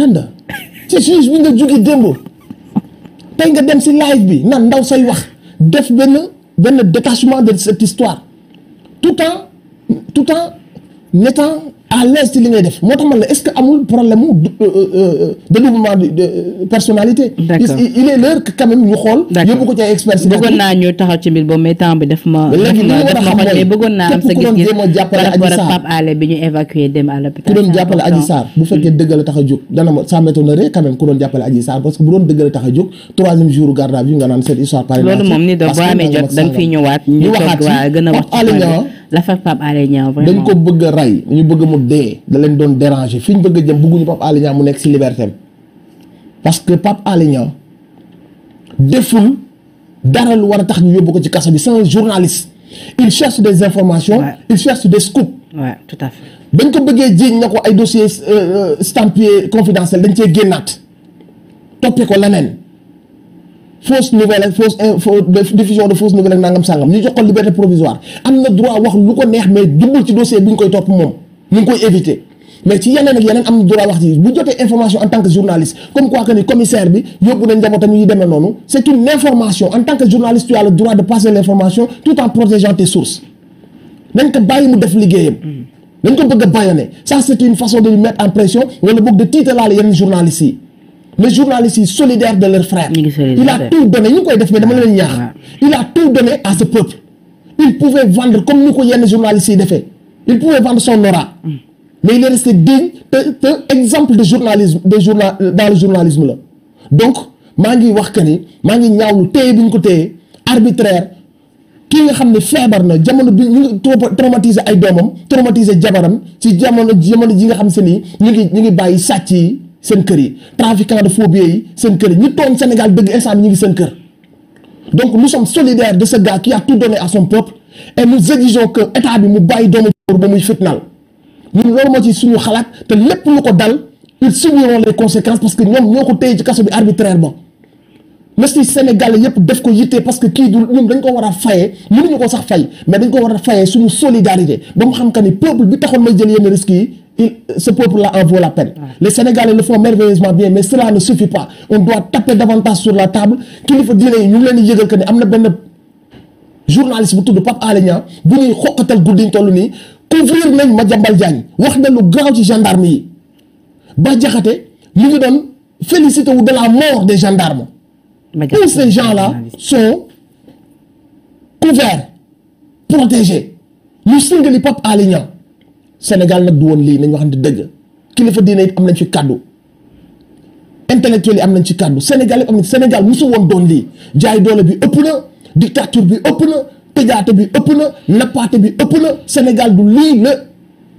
lan la ci juge bi nga jóge démb tey nga dem si live bi nan ndaw say wax def benn benn détachement de cette histoire tout en tout en n'étant à l'aise ci li ngay def moo tax man la est-ce que amul problème mu euh, euh, euh, dédoublement de personnalité. il est l'heure que quand même xool. yóbbu ko ci ay experts. bëggoon naa ñu taxaw ci mbir boobu mais temps bi daf ma. léegi li a xam mooy bëggoon naa am sa gis bi ñu évacué dem à l'hôpital. ku doon jàppale Adji Sarr bu fekkee dëgg la tax a jóg dana ma ça m'étonnerait quand même ku doon jàppale Adji Sarr parce que bu doon dëgg la tax a jóg troisième jour garde à vue nga naan cette histoire. parce loolu moom ni doon boo jot da nga ñëwaat. ñu waxaat ci l'affaire Pape Alé dañ ko bëgg a rey ñu bëgg mu dee da leen doon déranger fi ñu bëgg jëm bëgguñu Pape Alé mu nekk si liberté parce que Pape Alé Niang deful dara lu war a tax ñu yóbbu ko ci kaso bi c'est un journaliste il cherche des informations il cherche des scoops waaw à fait ko bëggee jiiñ na ko ay dossiers euh, euh, stampillés confidentiels dañ cee génnaat toppee ko leneen fausse nouvelle ak fausse info diffusion de fausse nouvelle ak ñu jox ko liberté provisoire am na droit wax lu ko neex mais duggul ci dossier bi ñu koy topp moom ñu ngi koy éviter mais ci yeneen ak yeneen am na droit wax ci bu jotee information en tant que journaliste comme quoi que commissaire bi yóbbu nañ njabootam yi demee noonu c'est une information en tant que journaliste tu as droit de passer l'information tout en protégeant tes sources nañ ko bàyyi mu les journalistes yi solidaires de leurs frères. il a tout donné ñu koy def mais dama leen ñaax. il a tout donné à ce peuple. il pouvait vendre comme ni ko yenn journalistes yi defee. il pouvait vendre son aura. Mm. mais il est resté digne te exemple de journalisme de journal dans le journalisme la. donc maa ngi wax que ni maa ngi ñaawlu téye bi ñu ko téye arbitraire. kii nga xam ne feebar na jamono bi ñu ngi traumatiser ay doomam traumatiser jabaram ci jamono jamono ji nga xam se ni ñu ñu ngi bàyyi sàcc yi seen kër yi trafiquant de faux billets yi seen kër yi ñu tooñ Sénégal dëgg instant bi ñu ngi seen kër donc nous sommes solidaires de ce gars qui a tout donné à son peuple et nous exigeons que état bi mu bàyyi doomu ba muy fitnaal ñun loolu moo ci suñu xalaat te lépp lu ko dal ils subiront les conséquences parce que ñoom ñoo ko téye ci kaso bi arbitraire ba mais si Sénégal yëpp def ko yitte parce que kii du ñun dañ ko war a fayee mënuñu ko sax fay mais dañ ko war a fayee suñu solidarité ba mu xam que ni peuple bi taxoon may jël yenn risques yi il, ce peuple-là en vaut la peine. Ah. Les Sénégalais le font merveilleusement bien, mais cela ne suffit pas. On doit taper davantage sur la table. kilifa diine yi ñu leen di yëgal que am na benn journaliste bu tudd Pape Alé Niang bu ñuy xoqatal guddi ñu toll nii couvrir nañ Madiambal Diagne wax na lu gaaw ci gendarme yi ba jaxate mu ngi doon félicité wu de la mort de gendarmes. tous ces gens-là sont couverts protégés ñu singali Pape Alé Sénégal nag du woon lii nañ di dëgg kilifa diine it am nañ ci kàddu intellectuel yi am nañ ci kàddu Sénégal yi am nañ Sénégal mosu woon doon lii jaay doole bi ëpp na dictature bi ëpp na tëjaate bi ëpp na nappaate bi ëpp na Sénégal du lii la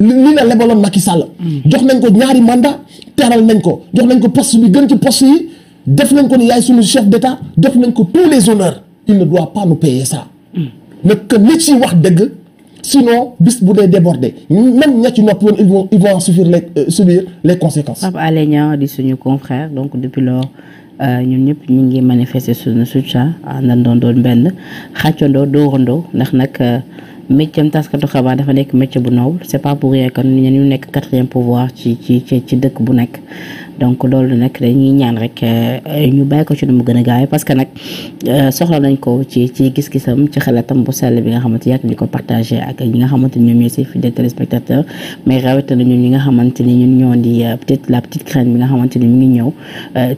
lii la lebaloon Macky mm. jox nañ ko ñaari mandat teral nañ ko jox nañ ko post bi gën ci post yi def nañ ko ni yaay suñu chef d'état def nañ ko tous les honneurs il ne doit pas nous payer ça. Mm. nag que nit yi wax dëgg. sinon bis bu dee débordé même ña ci noppi woon ils vont ils vont subir les euh, subir les conséquences. Pape Alé di suñu confrère donc depuis lors euh, ñun ñëpp ñu ngi manifester suñu soutien àndandoo doon benn xàccandoo dóorandoo ndax nag. Euh, métier am taskatu xabaar dafa nekk métier bu noble c'est pas pour rien que ñu nekk quatrième pouvoir ci ci ci dëkk bu nekk donc loolu nag dañuy ñaan rek euh, ñu bàyyi ko ci nu mu gën a parce que nag euh, soxla nañ koo ci ci gis-gisam ci xalaatam bu sell bi nga xamante yàgg di ko partagé ak nga xamante ni ñoom ñooy say fidèles téléspectateurs mais rawatina ñun ñi nga xamante ni ñun ñoo di euh, peut la petite crainte bi nga xamante ni mu ngi ñëw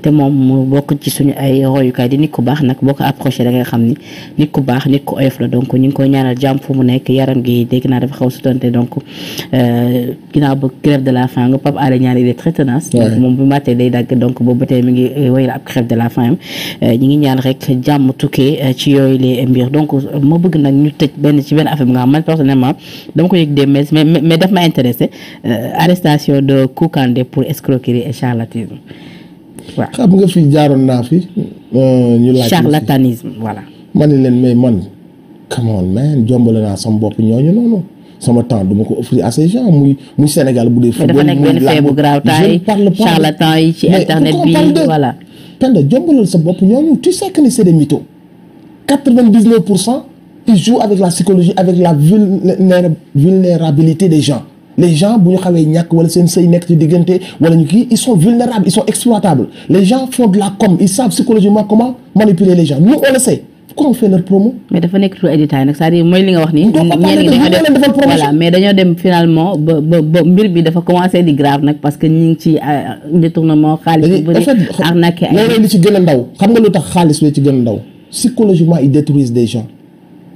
te moom mu bokk ci suñu ay royukaay di nit ku baax nag boo ko approché da nga xam ni nit ku baax nit ku oyof la donc ñu ngi koy ñaanal jàmm fu mu nekk yaram gi dégg naa dafa xaw sutante donc ginnaaw ba grève de la faim nga Pape Alé Niang il est très màttee day dagg donc boobu ba tey mi ngi euh, woy la ab crève de la faim euh, ñi ngi ñaan rek jàmm tukkee euh, ci yooyu les mbir donc ma bëgg nag ñu tëj benn ci benn affaire bi nga xam man personnellement dama ko yëg dem mais mais daf ma intéressé arrestation de Koukandé pour escroquerie et charlatanisme waaw xam nga fi jaaroon naa fi ñu laaj charlatanisme voilà ma ne leen mais man come on man jombale naa sama bopp ñooñu noonu sama temps du ma ko offrir à ces gens muy Sénégal bu dee. football dafa nekk benn fee bu graaw taay charlatan yi ci internet bi voilà. sa bopp ñooñu tu sais que ni c'est des mythos quatre-vingt-dix-neuf pour cent ils jouent avec la psychologie avec la vulnérabilité des gens. les gens bu ñu xawee ñàkk wala seen sëy nekk ci diggante wala ñu kii ils sont vulnérables ils sont exploitables les gens font de la com ils savent psychologiquement comment manipuler les gens nous on le sait. comment fait promo. mais dafa nekk trop éditaay nag cest à mooy li nga wax nii. ñenn ñi dañoo def mais dañoo dem finalement ba ba ba mbir bi dafa commencé di grave nag parce que ñi ngi ci euh, détournement xaalis bu bëri arnaque ay. nee li ci gën a ndaw xam nga lu tax xaalis la ci gën a ndaw psychologiquement ils détruisent des gens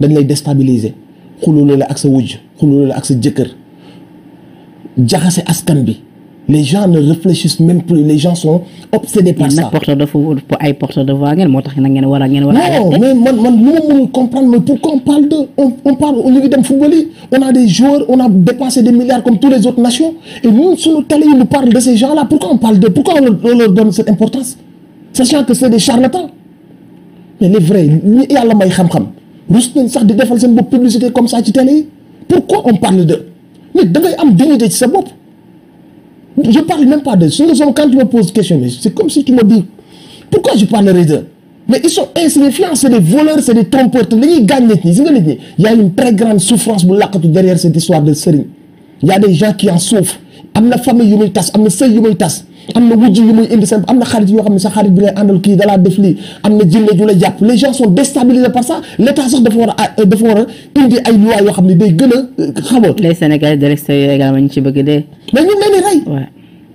dañ lay déstabiliser xululoo ak sa wujj xululoo ak sa jëkkër jaxase askan bi. les gens ne réfléchissent les gens sont obsédés par ça. porteur de ay porteur de voix ngeen moo tax nag ngeen war de football yi on a des joueurs on a dépassé des milliards comme toutes les autres nations et nous sunu yi nous parle de ces gens là pourquoi on parle de pourquoi on leur donne cette importance c'est des mais les vrais ñi yàlla may xam-xam rus nañ sax di defal seen bopp publicité comme ça ci télé bopp. Je parle même pas de ce quand tu me poses question, c'est comme si tu me pourquoi je parlerai d'eux mais ils sont insignifiants, c'est des voleurs, c'est des trompeurs. Il y a une très grande souffrance derrière cette histoire de Serigne. Il des gens en souffrent. Il y a des familles qui am na wujj yu muy indi seen am na xarit yoo xam ne sa xarit àndal kii dalaa def lii am na jinne ju la jàpp les gens sont déstabilisés par ça l' état sax dafa war a dafa war a indi ay lois yoo xam ne day gën a xam les a de l'extérieur également ñu ci bëgg dee mais ñu leen di rey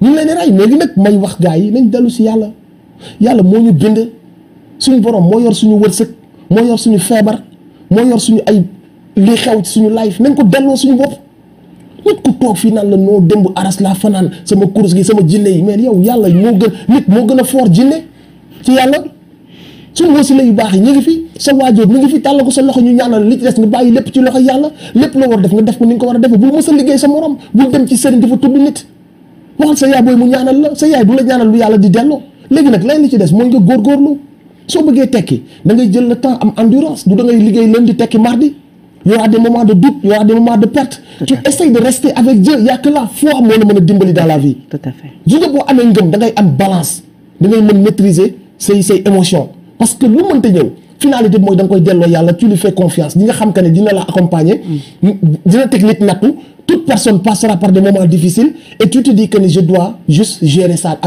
ñu leen di rey wax gars yi nañ dellu si yàlla yàlla moo ñu bind suñu borom moo yor suñu wërsëg moo yor suñu feebar moo yor suñu ay lii xew ci suñu life nañ ko delloo suñu bopp nit ku toog fii naan la noo démb aras laa fanaan sama kurus gi sama jinne yi mais yow yàlla moo gën nit moo gën a foor jinne ci yàlla suñu wasila yu baax yi ñu ngi fi sa waajur ñu ngi fi tàll ko sa loxo ñu ñaanal li ci des nga bàyyi lépp ci loxo yàlla lépp loo war a def nga def ko ni nga ko war a defee bul mës a liggéey sa morom bul dem ci sëriñ dafa tudd nit waxal sa yaay booy mu ñaanal la sa yaay bu la ñaanal lu yàlla di delloo léegi nag lay li ci des mooy nga góorgóorlu soo bëggee tekki da ngay jël le temps am endurance da ngay liggéey lundi tekki mardi y aura des moments de doute y aura des moments de perte. tu essayes de rester avec Dieu y a que la foi moo la mën a dimbali dans la vie. tout à fait su nga boo amee ngëm da ngay am balance da ngay mën say say émotions parce que lu mënta ñëw. finalité bi mooy da nga koy delloo yàlla tu lui fais confiance ñi nga xam que ne dina la accompagner. dina teg nit nattu toute personne passera par des moments difficiles et tu te dis que ne je dois juste gérer ça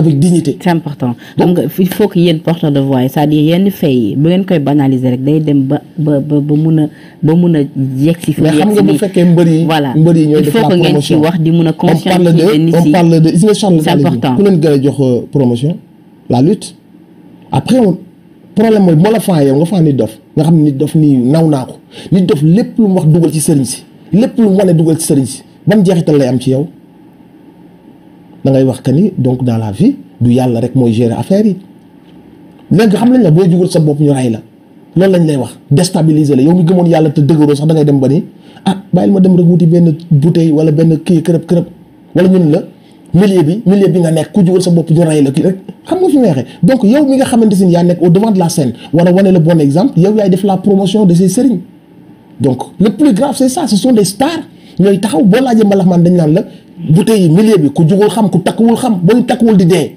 xam nga il faut yéen porteur de voix c'est-à-dire yenn fay yi bu ngeen koy banaliser rek day dem ba ba ba ba mun a ba mun a yegg si. mais xam nga bu fekkee mbër yi voilà mbër yi ñooy def la ngeen ci wax di mun a. conscientiser nit yi on parle de on parle de gis ku leen gën a jox euh, promotion la lutte après problème mooy moo la faa yow nga faa nit dof nga xam ne nit dof nii naw naa ko nit dof lépp lu mu wax dugal ci sëriñ si lépp lu mu wane dugal ci sëriñ si ban jeexital lay am ci yow da ngay wax que ni donc dans la vie du yàlla rek mooy gérer affaire yi léegi xam nañ la boo jugul sa bopp ñu rey la loolu lañ lay wax déstabiliser la yow mi gëmoon yàlla te dëgëroo sax da ngay dem ba ni ah bàyyil ma dem rek wuti benn bouteille wala benn kii kërëb kërëb wala ñun la. milieu bi milieu bi nga nekk ku jugal sa bopp ñu rey la ki rek xam nga fi mu neexee donc yow mi nga xamante si yaa nekk au devant la scène war a wane bon exemple yow yaay def la promotion de ces sëriñ donc le plus grave c'est ça ce sont des stars ñooy taxaw boo laajee mbalax man dañ naan la bouteille yi milieu bi ku jugul xam ku takk takkuwul xam booy takkuwul di dee.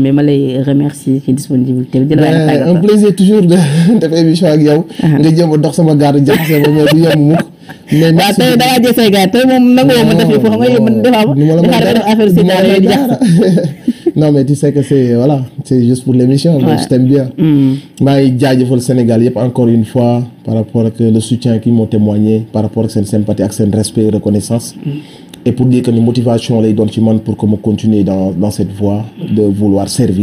mais ma lay remercier ci disponibilité bi. di un plaisir toujours de def ak yow. Ah. nga jéem a sama garde jaxase ba mais du yem mukk. mais da ngaa jël say garde tey moom nangu ma def foo xam nga man dafa affaire si daal yooyu di jaxase. non mais tu sais que c'est voilà c'est juste pour l'émission. voilà je t'aime bien. Mm. maa ngi jaajëfal Sénégal yëpp encore une fois par rapport ak le soutien qu'ils m'ont témoigné par rapport ak seen sympathie ak seen respect reconnaissance. Mm. et pour dire que ni motivation lay doon ci man pour que ma continuer dans dans cette voie de vouloir servir